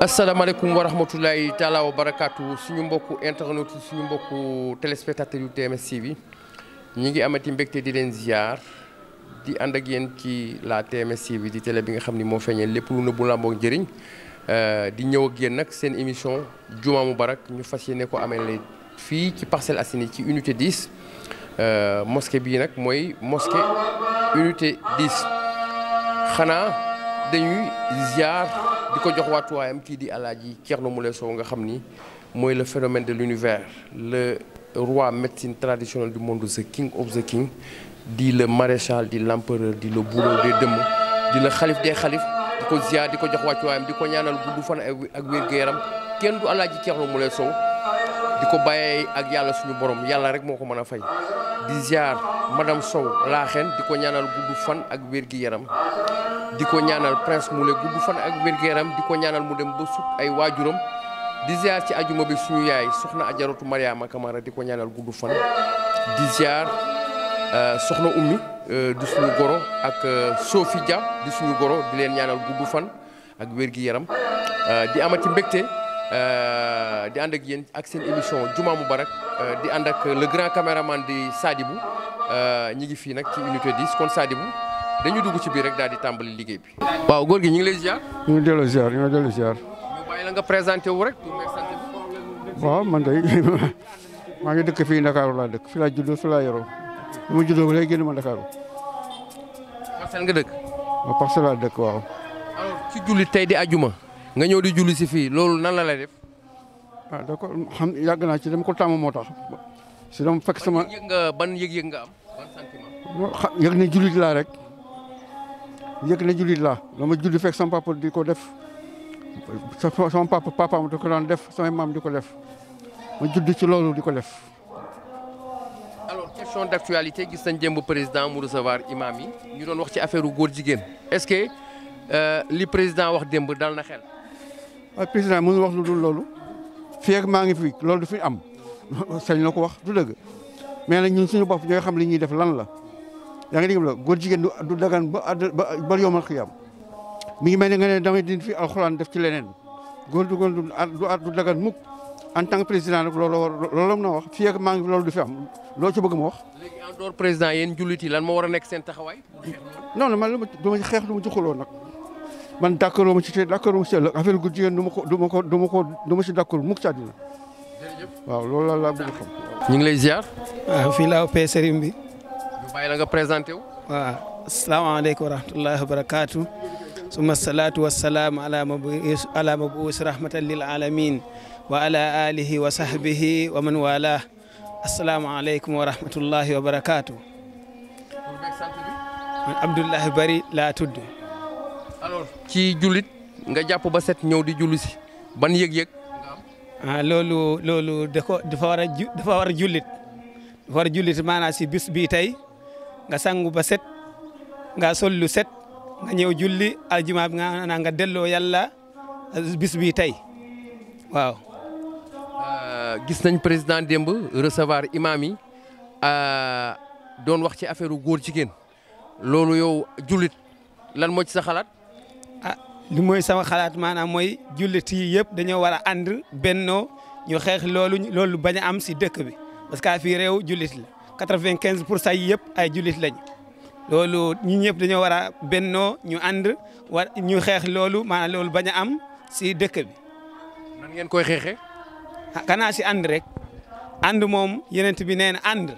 asalaamaaleykum wa rahmatulahi taala barakaatu suñu mbokku internautes yi suñu mbokku téléspectateurs yu TMS bi ñi ngi amati mbégte di leen ziar di ànd ak yéen ci la TMS bi di télé bi nga xam ni moo feeñee lépp lu nëbbu làmboog njëriñ euh, di ñëw ak yéen nag seen émission Jumaa barak ñu fas yéene ko amee la fii ci Parcelles Assainies ci unité 10 euh, mosquée bii nag mooy moske unité 10 xanaa dañuy ziar. di ko jox waatuwaayam kii di alaaji Thierno Moule Sow nga xam ni mooy le phénomène de l'univers le roi médecine traditionnelle du monde the king of the king di la maréchal di l'empereur di le bourreau des dëmm di le xalif des xalif di ko ziar di ko jox wàccuwaayam di ko ñaanal gudd fan ak wér-gu-yaram kenn du alaaji Thierno Moule Sow di ko bàyyee ak yàlla suñu borom yàlla rek moo ko mën a fay di ziar madame Sow laaxeen di ko ñaanal gudd fan ak wér-gu-yaram di ko ñaanal prince Moulé gudd fan ak wér yaram di ko ñaanal mu dem ba sut ay waajuram di ziar ci ajuma bi suñu yaay soxna ajaratu Mariama Kamara di ko ñaanal gudd fan di ziar euh, soxna ummi euh, di suñu goro ak euh, Sophie Dia di suñu goro di leen ñaanal gudd fan ak wér yaram di amati mbégte di ànd ak yéen ak seen émission Juma Moubarak di ànd ak le grand man di Sadibou ñi ngi fii nag ci unité 10 kon Sadibou dañu dugg ci biir rek daal di tàmbali liggéey bi. waaw góor gi ñu ngi lay ziar. ñu delloo ziar ñu delloo ziar. ñu nga présenté wu rek. waaw man de maa ngi dëkk fii Ndakaaru laa dëkk fi laa juddoo fi laa yoroo génn ma Ndakaaru. nga dëkk. ma julli tey di ajuma nga ñëw di julli si fii loolu nan la lay def. ah yàgg naa ci dama ko tàmm moo tax. si fekk sama ban yëg nga ban yëg-yëg nga am ban yëg ne jullit laa rek. yëg ne jullit laa dama julli fekk sama papa di ko def sama papa papaam di ko daan def samay maam di ko def ma judd ci loolu di ko def. alors question d' gis nañ jëmb président mu recevoir imam yi ñu doon wax ci affaire góor jigéen est ce que euh, li président wax démb dal na xel. waaw ah, président mënul wax lu dul loolu fii ak maa ngi fi loolu du fi am sañ na ko wax du dëgg mais nag ñun suñu bopp ñooy xam li ñuy def lan la. yaa ngi dégg la góor jigéen du dagan ba àdd ba ba yomal xiyaam mi ngi mel ne nga ne damay din fi alxuraan def ci leneen góor du góor du at du en tant que président nag loolu war loolu na wax fii ak maa ngi loolu du fi am loolu ci bëgg ma wax. léegi président yéen jullit yi lan moo war a nekk seen taxawaay. non non man lu ma du ma ci xeex du ma ci nag man d' accord ci te d' accord ma ci ëllëg affaire góor jigéen du ma ko du ma ko du ma ko du ma si d' accord mukk ci àddina waaw loolu laa bëgg xam. ñu ngi lay ziar. Ah, fii laa ëppee sëriñ bi. bàyyi la nga présenté wu. waaw asalaamaaleykum wa rahmatullahi wa barakaatu. wa salaam ala mabuus alamin wa ala alihi wa sahbihi wa man wala asalaamaaleykum wa barakaatu. man Bari laa tudd. alors ci jullit nga jàpp ba set ñëw di julli si ban yëg-yëg. Ah, loolu dafa war a ju dafa war a jullit dafa war nga sangu ba set nga sol lu set nga ñëw julli aljuma bi nga na nga delloo yàlla euh, bis bi tey waaw. Euh, gis nañ président démb recevoir imam yi euh, doon wax ci affaire góor jigéen loolu yow jullit lan moo ci sa xalaat. ah li mooy sama xalaat maanaam mooy jullit yi yëpp dañoo war a ànd bennoo ñu xeex loolu loolu bañ am si dëkk bi parce que fii réew jullit la. quatre-vingt-quinze pour cent yi yëpp ay jullit lañ loolu ñu ñëpp dañoo war a bennoo ñu ànd war ñu xeex loolu maanaam loolu baña am si dëkk bi. nan ngeen koy xeexee. kanaa ah, si ànd rek ànd moom yenent bi nee na ànd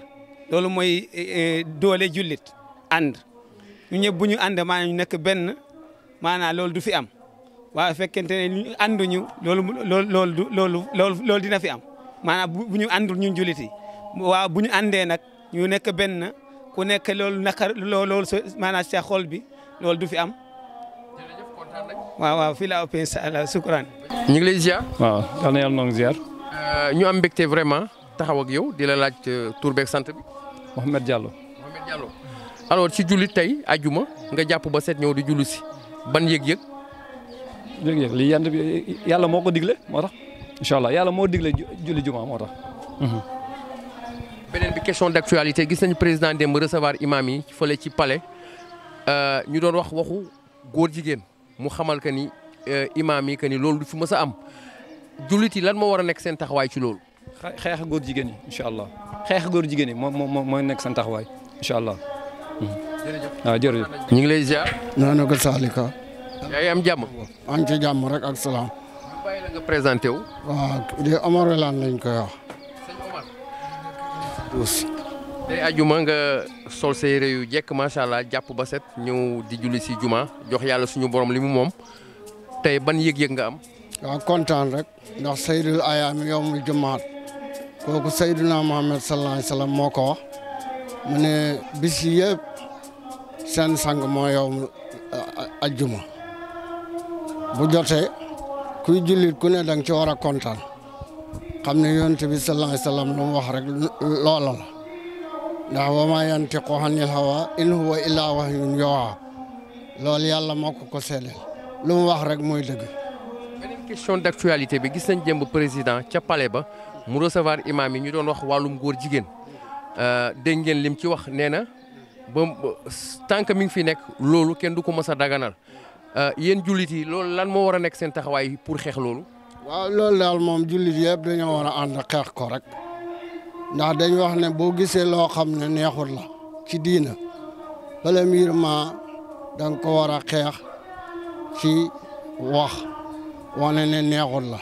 loolu mooy eh, eh, doole jullit ànd ñu ñëpp bu ñu ànd maanaam ñu nekk benn maanaam loolu du fi am waaye fekkente ne ñu ànduñu loolu loolu loolu du loolu loolu dina fi am maanaam bu ñu àndul ñun jullit yi waaw bu ñu àndee nag. ñu nekk benn ku nekk loolu nakar loolu maanaam sa xol bi loolu du fi am. waaw waaw fii laa ëpp incha sukkuraan. ñu ngi lay ziar. waaw yal na yàlla euh, vraiment taxaw ak yow di la laaj euh, tur beeg sant bi. Mouhamed Diallo. Mouhamed Diallo alors ci julli tey ajuma nga jàpp ba set ñëw di julli si ban yëg-yëg. yëg-yëg lii yàlla moo ko digle moo tax. incha allah yàlla moo digle julli juma moo tax. Mhm. beneen bi question d' actualité gis nañu président démb recevoir imam yi fële ci palais euh, ñu doon wax waxu góor jigéen mu xamal que ni euh, imam yi que ni loolu du fi mës a am jullit yi lan moo war a nekk seen taxawaay ci loolu. xeex góor jigéen yi incha allah xeex góor jigéen yi moom moom mooy nekk seen taxawaay incha allah. jërëjëf ñu ngi lay ziar. Salika. yaa am jàmm. maa ngi ci jàmm rek ak salaam. bàyyi la nga présenté wu. waaw di Omar koy wax. douze. tey ajuma nga sol yu jekk macha allah jàpp ba set ñëw di julli si juma jox yàlla suñu borom li mu moom tey ban yëg-yëg nga am. waaw kontaan rek ndax saydul ayaam yowmul jumaat kooku sayduna Muhammad sallallahu alayhi wasallam moo ko wax seen sang moo yowmul ajjuma bu jotee kuy ku ne ci war a xam ne yonent bi sallallahu alayhi wasallam lu mu wax rek loola la ndax wa maa yantiqu anil hawa in huwa illaa wahyun yuuhaa loolu yàlla moo ko ko seedeel lu mu wax rek mooy dëgg. beneen question bi gis nañ jëmb président ca pale ba mu recevoir imam yi ñu doon wax wàllum góor jigéen euh, dégg ngeen lim ci wax nee na ba tant que mi ngi fi nekk loolu kenn du ko mës a daganal euh, yéen jullit yi loolu lan moo war a nekk seen taxawaay pour xeex loolu. waaw loolu daal moom jullit yëpp dañoo war a ànd xeex ko rek ndax dañ wax ne boo gisee loo xam ne neexul la ci diina premièrement da danga ko war a xeex ci wax wane ne neexul la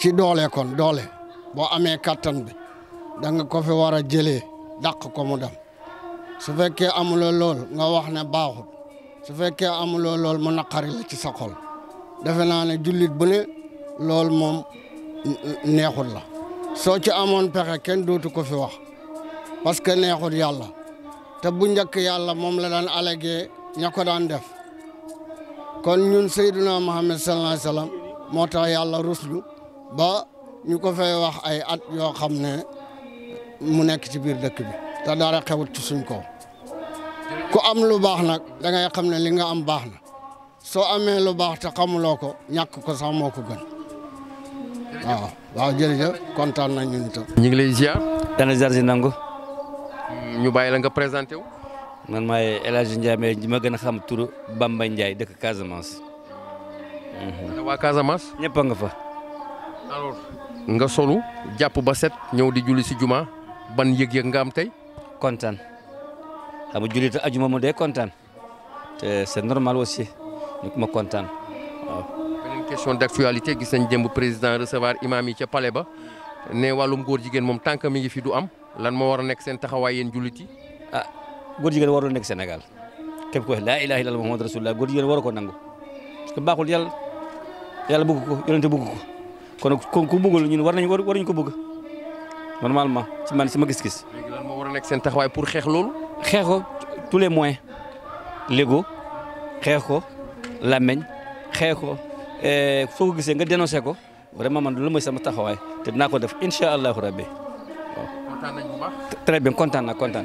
ci doole kon doole boo amee kàttan bi danga ko fi war a jëlee daq ko mu dem su fekkee amuloo lool nga wax ne baaxul su fekkee amuloo lool mu naqari la ci sa xol defe jullit bu ne loolu moom neexul la soo ci amoon pexe kenn dootu ko fi wax parce que neexul yàlla te bu njëkk yàlla moom la daan allégué ña ko daan def kon ñun Seyduna Muhammad sallallahu alayhi wasallam moo tax yàlla ruslu ba ñu ko fay wax ay at yoo xam ne mu nekk ci biir dëkk bi daar a xewut ci suñ kaw ku am lu baax nag da ngay xam ne li nga am baax na soo amee lu baax te xamuloo ko ñàkk ko sax moo ko gën waaw waaw jërëjëf kontaan nañ ñu ngi lay ziar. dana ziar si nangu. Hmm, ñu bàyyi la nga présenté wu. man maay El Hadj Ndiaye mais ma gën a xam turu Bamba Ndiaye dëkk Casamance. Hmm. ana ñëpp a nga fa. nga solu jàpp ba set ñëw di julli si juma ban yëg-yëg nga am tey. kontaan xam nga jullit ajuma mu dee kontaan te c'est normal aussi ñu ma kontaan question d'actualité gis nañ démb président recevoir imam yi ca palais ba ne wàllum góor jigéen moom tant que mi ngi fi du am lan moo war a nekk seen taxawaay yéen jullit yi. ah góor jigéen warul nekk Sénégal képp ko wax laa ilaaha illallaah Muhammad rasulullah góor jigéen waru ko nangu parce que baaxul yàlla yàlla bëgg ko yonente bëgg ko kon ku bëggul ñun war nañu waruñu ko bëgg normalement ci man sama gis-gis. léegi lan moo war a nekk seen taxawaay pour xeex loolu. xeex ko tous les moyens légaux xeex ko làmmeñ xeex ko Eh, foo ko gisee nga dénoncé ko vraiment man loolu mooy sama taxawaay te dinaa ko def incha allahu rabbi waaw. kontaan nañ bu kontaan na kontaan.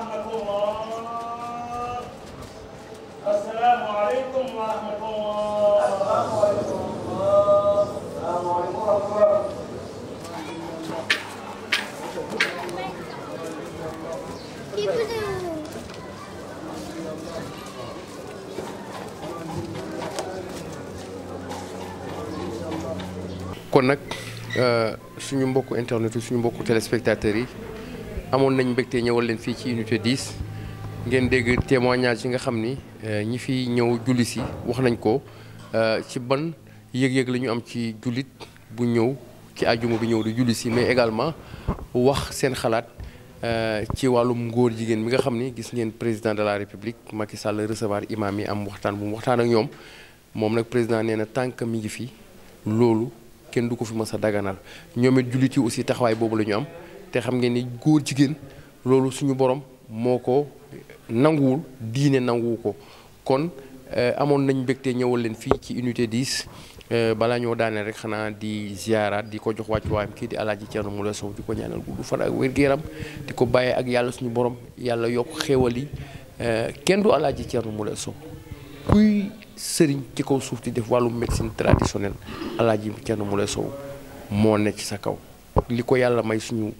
ورحمة الله السلام عليكم ورحمة الله السلام عليكم السلام عليكم ورحمة الله kon nag suñu mbokku internet yi suñu mbokku téléspectateurs yi amoon nañ mbégte ñëwal leen fii ci unité 10 ngeen dégg témoignage yi nga xam ni euh, ñi fi ñëw julli si wax nañ ko euh, ci ban yëg-yëg la am ci jullit bu ñëw ci àjjuma bi ñëw di julli si mais également wax seen xalaat euh, ci wàllum ngóor jigéen mi nga xam ni gis ngeen président de la république Macky Sall recevoir imam yi am waxtaan bu mu waxtaan ak ñoom moom nag président nee na tànk mi ngi fi loolu kenn du ko fi mës a daganal ñoom it jullit yi aussi taxawaay boobu la ñu am. te xam ngeen ni góor jigéen loolu suñu borom moo ko nanguwul diine nanguwu ko kon eh, amoon nañ mbégte ñëwal leen fii ci unité 10 eh, balaa ñoo daaneel rek xanaa di ziaraat di ko jox wàccuwaayam kii di alaaji Thierno Moule Sow di ko ñaanal gudd fan ak wér-gu-yaram di ko bàyyee ak yàlla suñu borom yàlla yokk xéewal yi eh, kenn du alaaji Thierno Moule Sow kuy sëriñ ci kaw suuf di def wàllu médecine traditionnelle alaaji Thierno Moule Sow moo nekk ci sa kaw li ko yàlla may suñu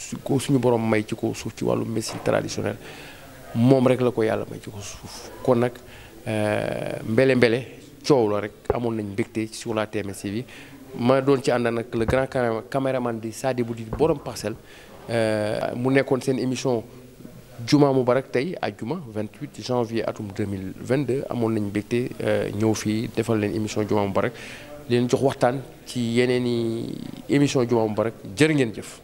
su ko suñu borom may ci ko suuf ci wàllu médecine traditionnelle moom rek la ko yàlla may ci kaw suuf kon nag euh, mbele mbele coow la rek amoon nañ mbégte sur la TMS bi ma doon ci ànd nag le grand man di Sadibou di borom parcelle euh, mu nekkoon seen émission Juma Mubarak tey ak 28 janvier atum 2022 amoon nañ mbégte euh, ñëw fii defal leen émission Juma Mubarak leen jox waxtaan ci yeneen i émission Juma Mubarak jërë ngeen jëf